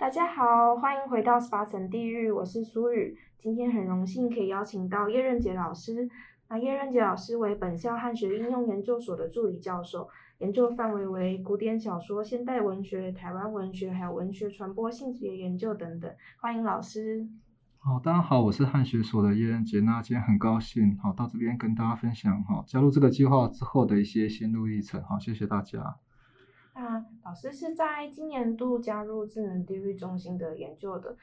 大家好，歡迎回到十八層地域，我是蘇雨。今天很榮幸可以邀請到葉衽傑老師。那葉衽傑老師為本校漢學應用研究所的助理教授，研究範圍為古典小說、現代文學、台灣文學，還有文學傳播、性別研究等等。歡迎老師。好，大家好，我是漢學所的葉衽傑啊。那今天很高興，好到這邊跟大家分享哈，加入這個計劃之後的一些心路歷程。好，謝謝大家。那老師是在今年度加入智能地域中心的研究的，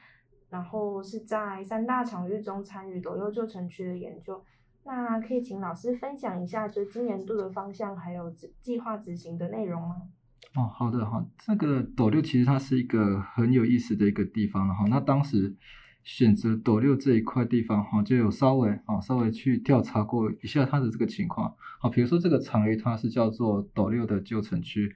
然後是在三大場域中參與斗六舊城區的研究。那可以請老師分享一下，就今年度的方向還有計劃執行的內容嗎？哦，好的，好，這個斗六其實它是一個很有意思的一個地方，哈。那當時選擇斗六這一塊地方，哈，就有稍微啊稍微去調查過一下它的這個情況，啊，比如說這個場域它是叫做斗六的舊城區。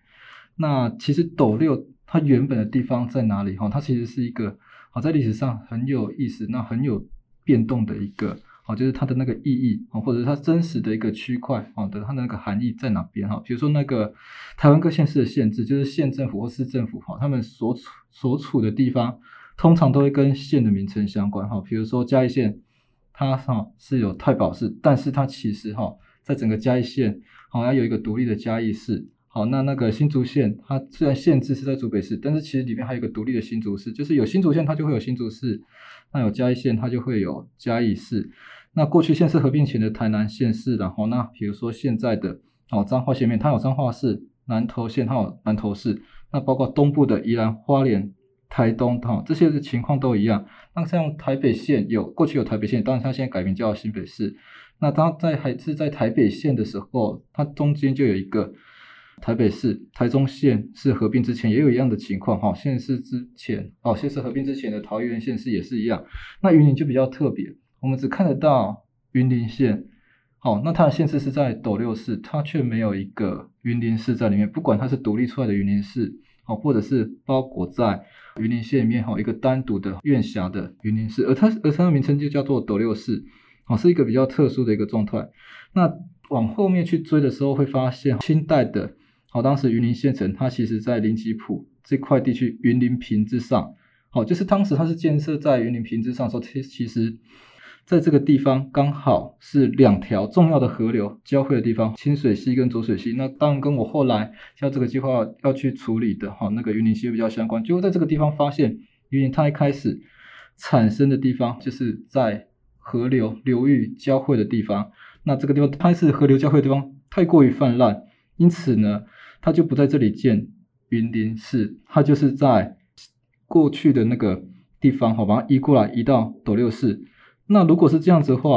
那其實斗六，它原本的地方在哪裡哈？它其實是一個好在歷史上很有意思，那很有變動的一個好，就是它的那個意義啊，或者它真實的一個區塊啊的它的那個含義在哪邊哈？比如說那個台灣各縣市的縣治，就是縣政府或市政府哈，他們所處所處的地方通常都會跟縣的名稱相關哈。比如說嘉義縣，它哈是有太保市，但是它其實哈在整個嘉義縣好像有一個獨立的嘉義市。好，那那個新竹縣，它雖然縣治是在竹北市，但是其實裡面還有一個獨立的新竹市，就是有新竹縣，它就會有新竹市；那有嘉義縣，它就會有嘉義市；那過去縣市合併前的台南縣市，然後那比如說現在的哦彰化縣面，它有彰化市、南投縣，它有南投市；那包括東部的宜蘭花蓮、台東，哈、哦，這些的情況都一樣。那像台北縣有過去有台北縣，當然它現在改名叫新北市。那它在還是在台北縣的時候，它中間就有一個。台北市，台中縣市合併之前也有一樣的情況，哈，縣市之前，哦，縣市合併之前的桃園縣市也是一樣。那雲林就比較特別，我們只看得到雲林縣，好，那它的縣市是在斗六市，它卻沒有一個雲林市在裡面。不管它是獨立出來的雲林市，好，或者是包裹在雲林縣裡面，哈，一個單獨的縣轄的雲林市，而它而它的名稱就叫做斗六市，好，是一個比較特殊的一個狀態。那往後面去追的時候會發現，清代的。好，當時雲林縣城它其實在林圮埔這塊地區，雲林坪之上。好，就是當時它是建設在雲林坪之上，說其其實，在這個地方剛好是兩條重要的河流交匯的地方，清水溪跟濁水溪。那當然跟我後來像這個計劃要去處理的哈，那個雲林溪比較相關。就在這個地方發現，雲林它一開始產生的地方就是在河流流域交匯的地方。那這個地方它是河流交匯的地方，太過於氾濫，因此呢。他就不在這裡建雲林市，他就是在過去的那個地方好，把它移過來，移到斗六市。那如果是這樣子的話，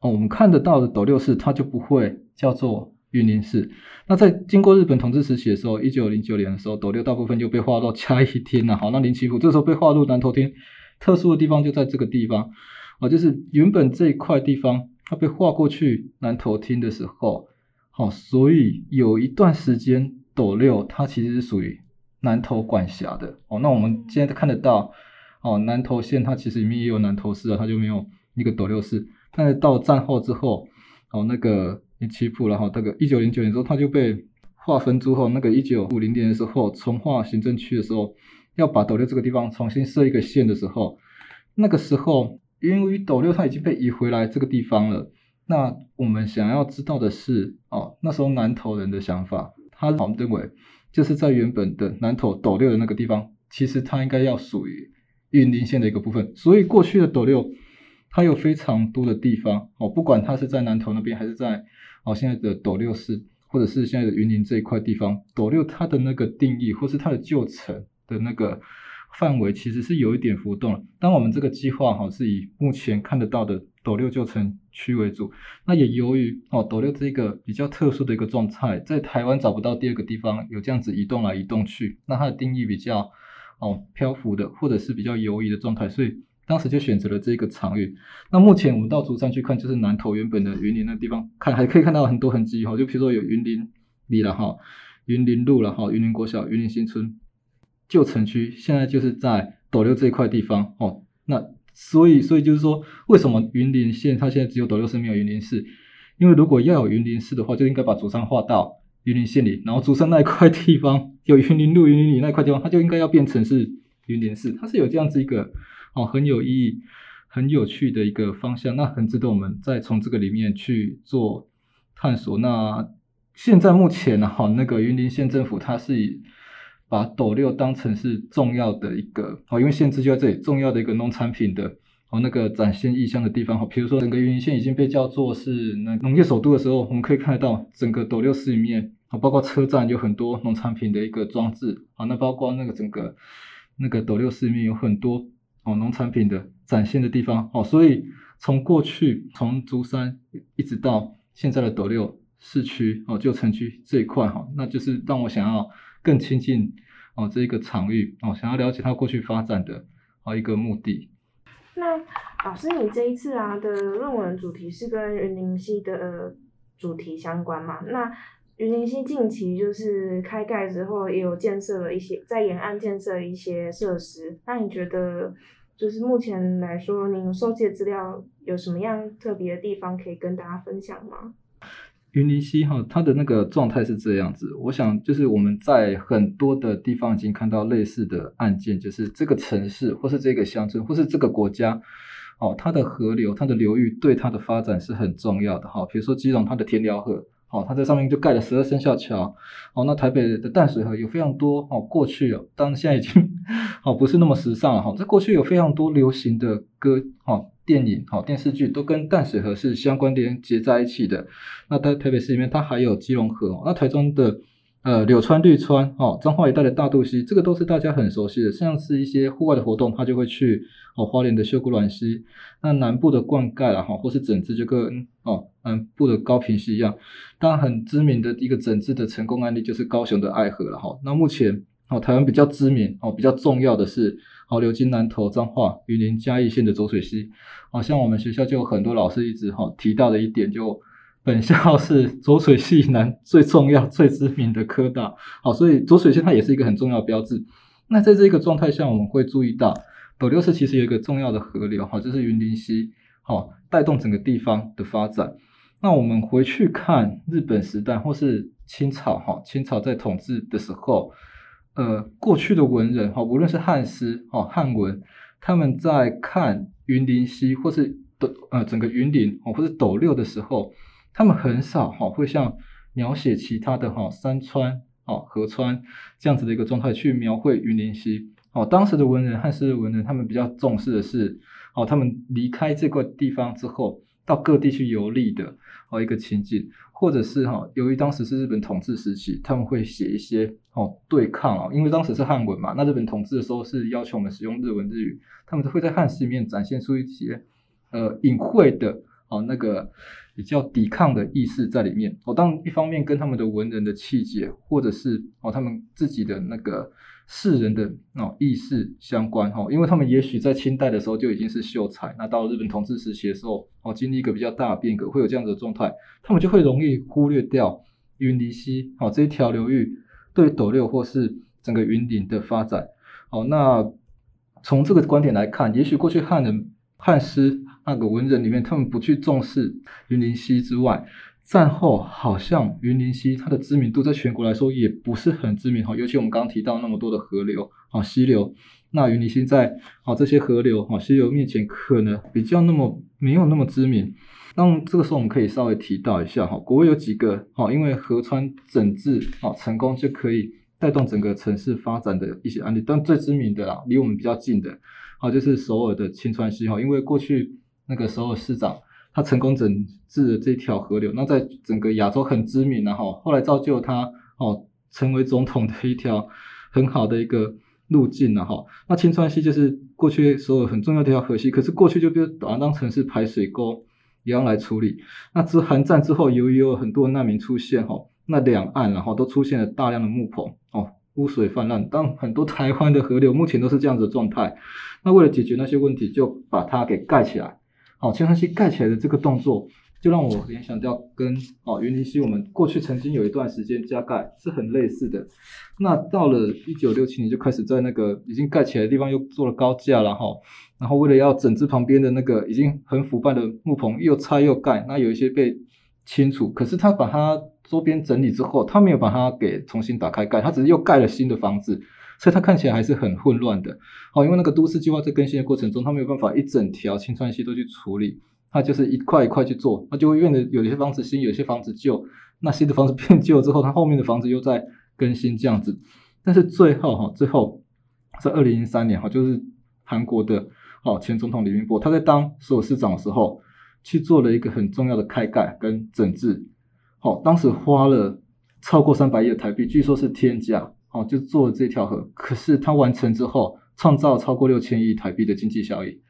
哦，我們看得到的斗六市，它就不會叫做雲林市。那在經過日本統治時期的時候，一九零九年的時候，斗六大部分就被劃到嘉義廳了，啊。好，那林七府這時候被劃入南投廳，特殊的地方就在這個地方啊，就是原本這一塊地方，它被劃過去南投廳的時候。好、哦，所以有一段時間斗六它其實是屬於南投管轄的。哦，那我們現在看得到，哦，南投縣它其實裡面也有南投市啊，它就沒有那個斗六市。但是到戰後之後，哦，那個你棋譜了哈、哦，那個一九零九年之後它就被劃分之後，那個一九五零年的時候重劃行政區的時候，要把斗六這個地方重新設一個縣的時候，那個時候因為斗六它已經被移回來這個地方了。那我們想要知道的是，哦，那時候南投人的想法，他認為就是在原本的南投斗六的那個地方，其實它應該要屬於雲林縣的一個部分。所以過去的斗六，它有非常多的地方，哦，不管它是在南投那邊，還是在哦現在的斗六市，或者是現在的雲林這一塊地方，斗六它的那個定義，或是它的舊城的那個範圍，其實是有一點浮動。當我們這個計劃哈，是以目前看得到的斗六舊城。區為主，那也由於哦，斗六這個比較特殊的一個狀態，在台灣找不到第二個地方有這樣子移動來移動去，那它的定義比較哦漂浮的或者是比較游移的狀態，所以當時就選擇了這個場域。那目前我們到竹山去看，就是南投原本的雲林那地方，看還可以看到很多痕迹哈、哦，就比如說有雲林里了哈，哦、雲林路了哈，哦、雲林國小、雲林新村、舊城區，現在就是在斗六這一塊地方哦，那。所以，所以就是說，為什麼雲林縣它現在只有斗六市沒有雲林市？因為如果要有雲林市的話，就應該把竹山劃到雲林縣裡，然後竹山那一塊地方有雲林路、雲林里那一塊地方，它就應該要變成是雲林市。它是有這樣子一個哦，很有意義、很有趣的一個方向，那很值得我們再從這個裡面去做探索。那現在目前啊，那個雲林縣政府它是以。把斗六當成是重要的一個，好、哦，因為縣治就在這裡，重要的一個農產品的哦那個展現意象的地方哈、哦，比如說整個雲林縣已經被叫做是那農業首都的時候，我們可以看得到整個斗六市裡面、哦，包括車站有很多農產品的一個裝置，好、哦，那包括那個整個那個斗六市裡面有很多哦農產品的展現的地方，哦，所以從過去從竹山一直到現在的斗六市區哦舊城區這一塊哈、哦，那就是讓我想要更親近。哦，這一個場域哦，想要了解它過去發展的哦一個目的。那老師，你這一次啊的論文主題是跟雲林溪的主題相關嗎？那雲林溪近期就是開蓋之後，也有建設了一些在沿岸建設一些設施。那你覺得就是目前來說，您收集的資料有什麼樣特別的地方可以跟大家分享嗎？雲林溪哈，它的那個狀態是這樣子。我想，就是我們在很多的地方已經看到類似的案件，就是這個城市或是這個鄉村或是這個國家，哦，它的河流、它的流域對它的發展是很重要的哈。比如說基隆它的田寮河，哦，它在上面就蓋了十二生肖橋，哦，那台北的淡水河有非常多哦，過去哦，當然現在已經哦不是那麼時尚了哈，在過去有非常多流行的歌哦。電影和電視劇都跟淡水河是相關聯結在一起的。那在台北市裡面，它還有基隆河。那台中的呃柳川、綠川，哦彰化一帶的大肚溪，這個都是大家很熟悉的。像是一些戶外的活動，它就會去哦花蓮的秀姑巒溪。那南部的灌溉啦哈，或是整治就跟哦南部的高屏溪一樣。當然很知名的一個整治的成功案例就是高雄的愛河了哈。那目前哦台灣比較知名哦比較重要的是。好，流經南投彰化雲林嘉義縣的濁水溪，好像我們學校就有很多老師一直哈提到的一點，就本校是濁水溪南最重要、最知名的科大。好，所以濁水溪它也是一個很重要的標誌。那在這個狀態下，我們會注意到斗六市其實有一個重要的河流，哈，就是雲林溪，好，帶動整個地方的發展。那我們回去看日本時代或是清朝，哈，清朝在統治的時候。呃，過去的文人哈，無論是漢詩哦、漢文，他們在看雲林溪或是斗呃整個雲林哦，或是斗六的時候，他們很少哈會像描寫其他的哈山川哦、河川這樣子的一個狀態去描繪雲林溪哦。當時的文人，漢詩的文人，他們比較重視的是哦，他們離開這個地方之後。到各地去遊歷的啊一個情景，或者是哈，由於當時是日本統治時期，他們會寫一些哦對抗啊，因為當時是漢文嘛，那日本統治的時候是要求我們使用日文日語，他們會在漢詩裡面展現出一些呃隱晦的。哦，那個比較抵抗的意識在裡面。哦，當一方面跟他們的文人的氣節，或者是哦他們自己的那個世人的那種意識相關。哈，因為他們也許在清代的時候就已經是秀才，那到了日本統治時期的時候，哦經歷一個比較大的變革，會有這樣的狀態，他們就會容易忽略掉雲林溪哦這一條流域對斗六或是整個雲林的發展。哦，那從這個觀點來看，也許過去漢人漢詩。那個文人裡面，他們不去重視雲林溪之外，戰後好像雲林溪它的知名度在全國來說也不是很知名哈，尤其我們剛剛提到那麼多的河流啊溪流，那雲林溪在啊這些河流哈，溪流面前可能比較那麼沒有那麼知名。那這個時候我們可以稍微提到一下哈，國外有幾個哈，因為河川整治啊成功就可以帶動整個城市發展的一些案例，但最知名的啦，離我們比較近的啊就是首爾的清溪川哈，因為過去。那個時候市長，他成功整治了這條河流，那在整個亞洲很知名，然後後來造就了他哦成為總統的一條很好的一個路徑了哈。那清溪川就是過去首爾很重要的一條河溪，可是過去就被當當成是排水溝一樣來處理。那自韓戰之後，由於有很多難民出現哈，那兩岸然後都出現了大量的木棚哦，污水泛濫。但很多台灣的河流目前都是這樣子的狀態。那為了解決那些問題，就把它給蓋起來。好，清溪川蓋起來的這個動作，就讓我聯想到跟哦雲林溪我們過去曾經有一段時間加蓋是很類似的。那到了一九六七年就開始在那個已經蓋起來的地方又做了高架了哈，然後為了要整治旁邊的那個已經很腐敗的木棚，又拆又蓋，那有一些被清除，可是他把它周邊整理之後，他沒有把它給重新打開蓋，他只是又蓋了新的房子。所以他看起來還是很混亂的，好，因為那個都市計劃在更新的過程中，他沒有辦法一整條清溪川都去處理，他就是一塊一塊去做，他就會變得有些房子新，有些房子舊，那新的房子變舊之後，他後面的房子又在更新這樣子。但是最後哈，最後在二零零三年哈，就是韓國的哦前總統李明博他在當首爾市長的時候去做了一個很重要的開蓋跟整治，好，當時花了超過三百億的台幣，據說是天價。哦，就做了這條河，可是它完成之後，創造超過六千億台幣的經濟效益。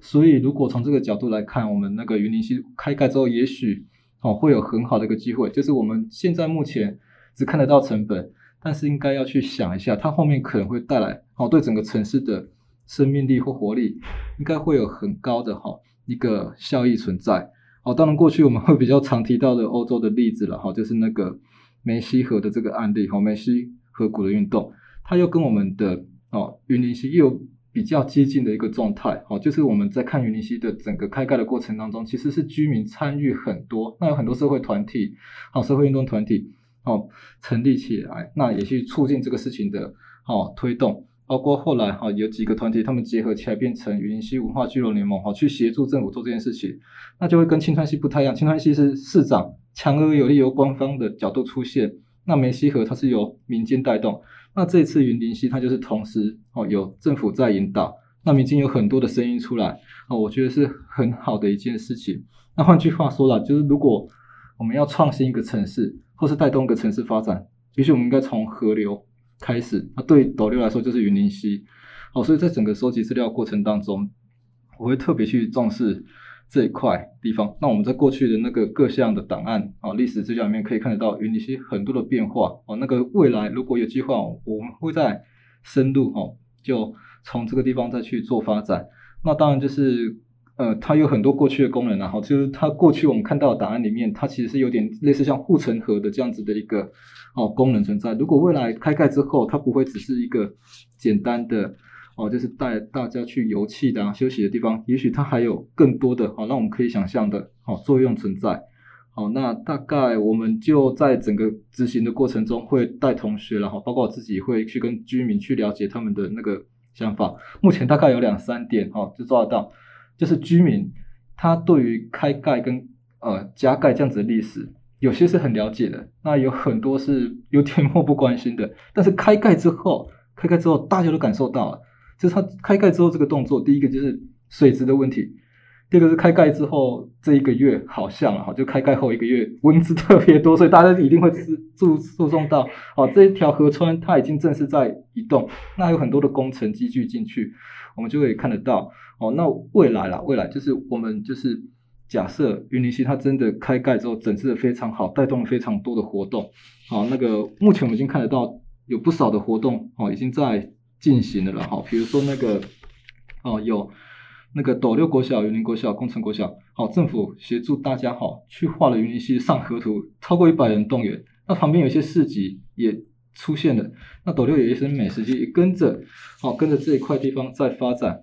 所以，如果從這個角度來看，我們那個雲林溪開蓋之後，也許哦會有很好的一個機會。就是我們現在目前只看得到成本，但是應該要去想一下，它後面可能會帶來哦對整個城市的生命力或活力，應該會有很高的哈一個效益存在。哦，當然過去我們會比較常提到的歐洲的例子了，哈，就是那個梅西河的這個案例，哈，梅西。河谷的運動，它又跟我們的哦雲林溪又比較接近的一個狀態，好、哦，就是我們在看雲林溪的整個開蓋的過程當中，其實是居民參與很多，那有很多社會團體，好、哦、社會運動團體，哦成立起來，那也去促進這個事情的哦推動，包括後來哈、哦、有幾個團體他們結合起來變成雲林溪文化聚落聯盟，好、哦、去協助政府做這件事情，那就會跟清溪川不太一樣，清溪川是市長強而有力由官方的角度出現。那梅西河它是由民間帶動，那這次雲林溪它就是同時哦有政府在引導，那民間有很多的聲音出來哦，我覺得是很好的一件事情。那換句話說啦，就是如果我們要創新一個城市，或是帶動一個城市發展，也許我們應該從河流開始。那對斗六來說就是雲林溪，哦，所以在整個收集資料過程當中，我會特別去重視。這一塊地方，那我們在過去的那個各項的檔案啊，歷史資料裡面可以看得到雲林溪很多的變化啊，那個未來如果有計劃，我們會再深入哦，就從這個地方再去做發展。那當然就是呃，它有很多過去的功能啊，就是它過去我們看到的檔案裡面，它其實是有點類似像護城河的這樣子的一個哦功能存在。如果未來開蓋之後，它不會只是一個簡單的。哦，就是帶大家去遊憩的、啊、休息的地方，也許它還有更多的，好，讓我們可以想象的，好，作用存在。好，那大概我們就在整個執行的過程中會帶同學，然後包括我自己會去跟居民去了解他們的那個想法。目前大概有兩三點，哦，就抓得到，就是居民他對於開蓋跟呃加蓋這樣子的歷史，有些是很了解的，那有很多是有點漠不關心的。但是開蓋之後，開蓋之後大家都感受到了。就是它開蓋之後這個動作，第一個就是水質的問題，第二個是開蓋之後這一個月好像啊，就開蓋後一個月，蚊子特別多，所以大家一定會注注注重到哦，這一條河川它已經正式在移動，那還有很多的工程機具進去，我們就可以看得到哦。那未來啦，未來就是我們就是假設雲林溪它真的開蓋之後整治的非常好，帶動了非常多的活動啊、哦。那個目前我們已經看得到有不少的活動啊、哦，已經在。進行的了哈，比如說那個哦，有那個斗六國小、雲林國小、工程國小，好、哦、政府協助大家好、哦、去畫了雲林溪上河圖，超過一百人動員，那旁邊有一些市集也出現了，那斗六也是美食街，也跟着好、哦、跟着這一塊地方在發展，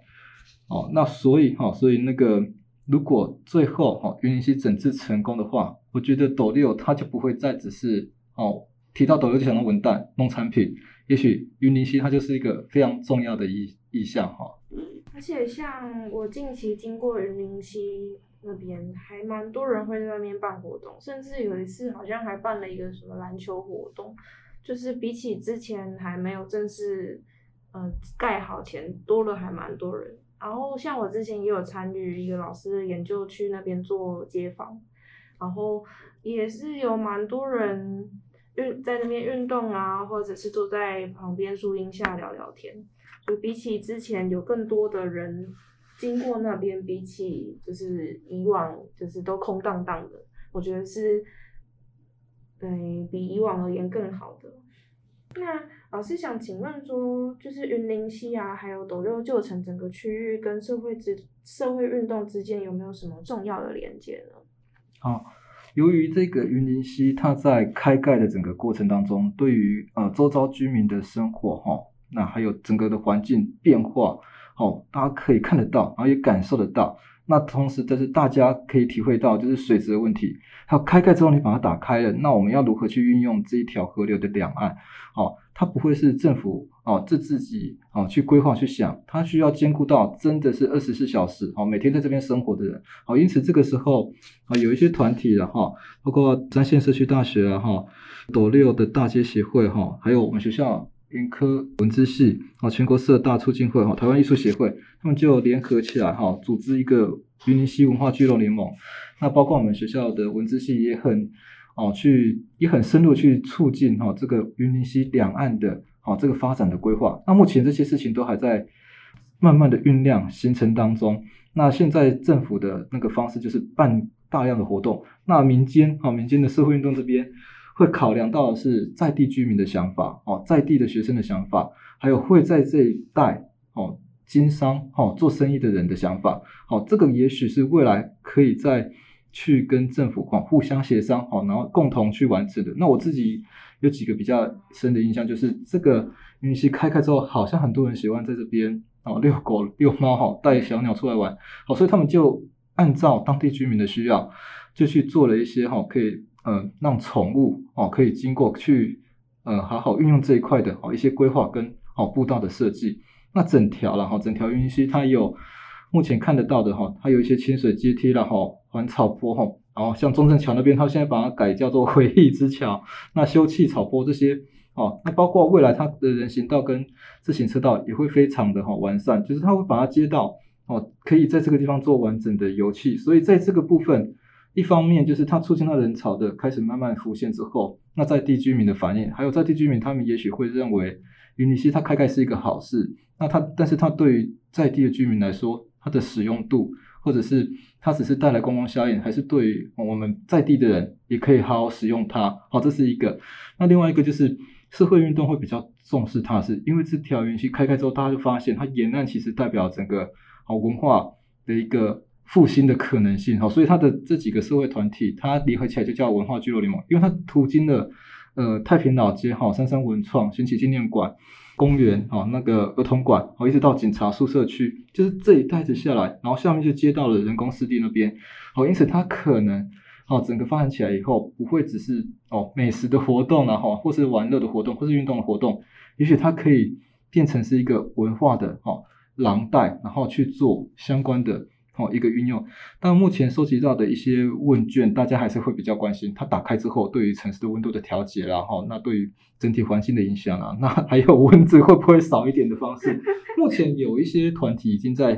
哦，那所以哈、哦，所以那個如果最後哈、哦、雲林溪整治成功的話，我覺得斗六它就不會再只是哦提到斗六就想到文旦農產品。也許雲林溪它就是一個非常重要的意意象，哦。哈，嗯，而且像我近期經過雲林溪那邊，還蠻多人會在那邊辦活動，甚至有一次好像還辦了一個什麼籃球活動，就是比起之前還沒有正式，呃，蓋好前多了還蠻多人。然後像我之前也有參與一個老師的研究去那邊做街訪，然後也是有蠻多人。運在那邊運動啊，或者是坐在旁邊樹蔭下聊聊天，就比起之前有更多的人經過那邊，比起就是以往就是都空蕩蕩的，我覺得是，嗯，比以往而言更好的。那老師想請問說，就是雲林溪啊，還有斗六舊城整個區域跟社會之社會運動之間有沒有什麼重要的連接呢？好、哦。由於這個雲林溪，它在開蓋的整個過程當中，對於呃周遭居民的生活，哈，那還有整個的環境變化，哦，大家可以看得到，然後也感受得到。那同時，但是大家可以體會到，就是水質的問題，它開蓋之後你把它打開了，那我們要如何去運用這一條河流的兩岸？哦，它不會是政府啊，這、哦、自,自己啊、哦、去規劃去想，它需要兼顧到真的是二十四小時啊、哦，每天在這邊生活的人。好，因此這個時候啊，有一些團體的，了、哦、哈，包括山線社區大學啊，哈、哦，斗六的大街協會哈、哦，還有我們學校。雲科文資系啊，全國社大促進會哈，台灣藝術協會，他們就聯合起來哈，組織一個雲林溪文化聚落聯盟。那包括我們學校的文資系也很哦，去也很深入去促進哈、哦、這個雲林溪兩岸的啊、哦、這個發展的規劃。那目前這些事情都還在慢慢的醞釀形成當中。那現在政府的那個方式就是辦大量的活動。那民間啊、哦，民間的社會運動這邊。會考量到的是在地居民的想法哦，在地的學生的想法，還有會在這一帶哦經商哦做生意的人的想法，好，這個也許是未來可以再去跟政府互相協商好，然後共同去完成的。那我自己有幾個比較深的印象，就是這個雲溪開開之後，好像很多人喜歡在這邊遛狗、遛貓哈，帶小鳥出來玩，好，所以他們就按照當地居民的需要，就去做了一些哈可以。嗯，讓寵物哦可以經過去，呃，好好運用這一塊的哦一些規劃跟哦步道的設計，那整條啦後、哦、整條雲林溪它有目前看得到的哈、哦，它有一些清水階梯了哈，緩、哦、草坡哈，然、哦、後像中正橋那邊它現在把它改叫做回憶之橋，那休憩草坡這些哦，那包括未來它的人行道跟自行車道也會非常的哈、哦、完善，就是它會把它接到哦，可以在這個地方做完整的遊憩，所以在這個部分。一方面就是它促進到人潮的開始慢慢浮現之後，那在地居民的反應，還有在地居民他們也許會認為雲林溪它開蓋是一個好事，那它但是它對於在地的居民來說，它的使用度，或者是它只是帶來觀光效應，還是對我們在地的人也可以好好使用它，好，這是一個。那另外一個就是社會運動會比較重視它，是因為這條雲溪開蓋之後，大家就發現它沿岸其實代表整個好文化的一個。復興的可能性哈，所以它的這幾個社會團體，它聯合起來就叫文化聚落聯盟。因為它途經了呃太平老街哈、三山文創、神奇紀念館、公園哦、那個兒童館哦，一直到警察宿舍區，就是這一帶子下來，然後下面就接到了人工濕地那邊哦，因此它可能哦整個發展起來以後，不會只是哦美食的活動啊、哦，或是玩樂的活動或是運動的活動，也許它可以變成是一個文化的哦廊帶，然後去做相關的。哦，一個運用，但目前收集到的一些問卷，大家還是會比較關心它打開之後對於城市的溫度的調節啊，然後那對於整體環境的影響啊，那還有蚊子會不會少一點的方式？ 目前有一些團體已經在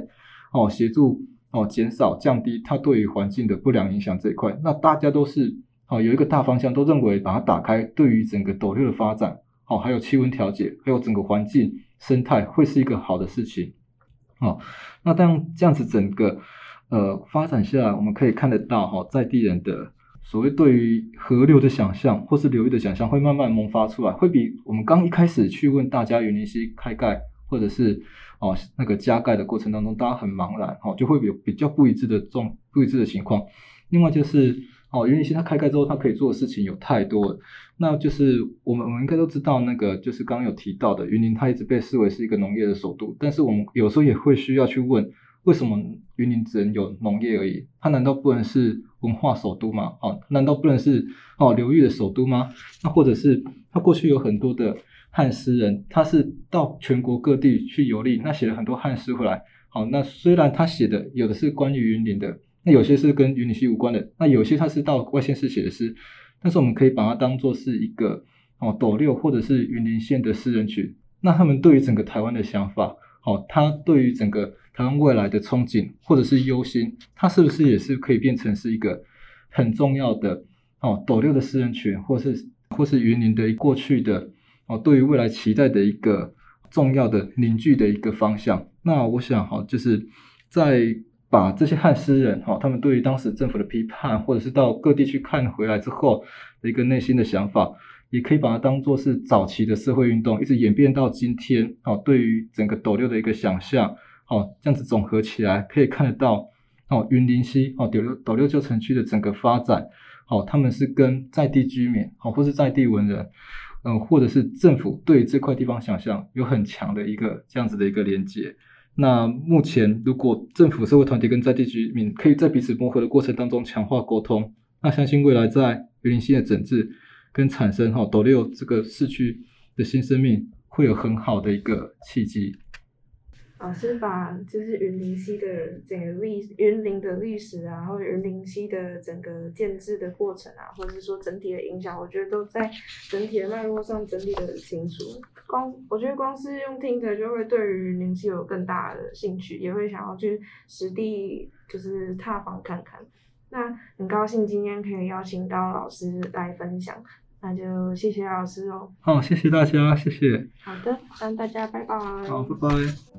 哦協助哦減少降低它對於環境的不良影響這一塊。那大家都是哦有一個大方向，都認為把它打開對於整個斗六的發展，哦還有氣溫調節，還有整個環境生態會是一個好的事情。哦，那但這樣子整個，呃，發展下來，我們可以看得到，哈、哦，在地人的所謂對於河流的想象，或是流域的想象，會慢慢萌發出來，會比我們剛一開始去問大家園林西開蓋雲林溪開蓋，或者是哦那個加蓋的過程當中，大家很茫然，哈、哦，就會有比較不一致的狀不一致的情況。另外就是。哦，雲林溪現在開蓋之後，他可以做的事情有太多了。那就是我們，我們應該都知道，那個就是剛剛有提到的，雲林它一直被視為是一個農業的首都。但是我們有時候也會需要去問，為什麼雲林只能有農業而已？它難道不能是文化首都嗎？啊、哦，難道不能是哦流域的首都嗎？那或者是它過去有很多的漢詩人，他是到全國各地去遊歷，那寫了很多漢詩回來。好、哦，那雖然他寫的有的是關於雲林的。那有些是跟雲林溪無關的，那有些他是到外縣市寫的詩，但是我們可以把它當作是一個哦斗六，或者是雲林縣的詩人群。那他們對於整個台灣的想法，哦，他對於整個台灣未來的憧憬或者是憂心，他是不是也是可以變成是一個很重要的哦斗六的詩人群，或是或是雲林的過去的哦對於未來期待的一個重要的凝聚的一個方向？那我想好，哦，就是在把這些漢詩人，哈，他們對於當時政府的批判，或者是到各地去看回來之後的一個內心的想法，也可以把它當做是早期的社會運動，一直演變到今天，哦，對於整個斗六的一個想象，哦，這樣子總合起來可以看得到，哦，雲林溪，哦，斗六，斗六舊城區的整個發展，哦，他們是跟在地居民，哦，或是在地文人，嗯，或者是政府對於這塊地方想象，有很強的一個這樣子的一個連接。那目前，如果政府、社會團體跟在地居民可以在彼此磨合的過程當中強化溝通，那相信未來在雲林溪的整治跟產生哈、哦、斗六這個市區的新生命，會有很好的一個契機。老師、啊、把就是雲林溪的整個歷雲林的歷史啊，然後雲林溪的整個建制的過程啊，或者是說整體的影響，我覺得都在整體的脈絡上整理的很清楚。光我覺得光是用聽著就會對於雲林溪有更大的興趣，也會想要去實地就是踏訪看看。那很高興今天可以邀請到老師來分享，那就謝謝老師哦。好，謝謝大家，謝謝。好的，那大家拜拜。好，拜拜。